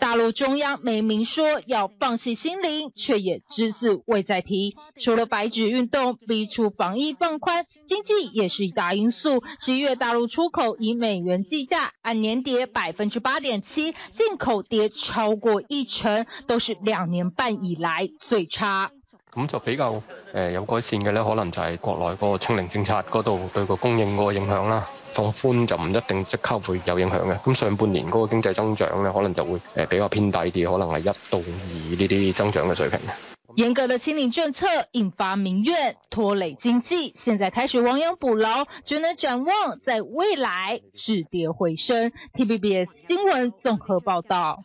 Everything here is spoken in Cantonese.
大陸中央沒明說要放棄清零卻也隻字未再提。除了白紙運動逼出防疫放寬，經濟也是一大因素。十一月大陸出口以美元計價，按年跌百分之八點七，進口跌超過一成，都是兩年半以來最差。咁就比較誒有改善嘅咧，可能就係國內嗰個清零政策嗰度對個供應嗰個影響啦。放寬就唔一定即刻會有影響嘅，咁上半年嗰個經濟增長咧，可能就會誒比較偏低啲，可能係一到二呢啲增長嘅水平。嚴格嘅清零政策引發民怨，拖累經濟，現在開始亡羊補牢，只能展望在未來止跌回升。TVBS 新聞綜合報導。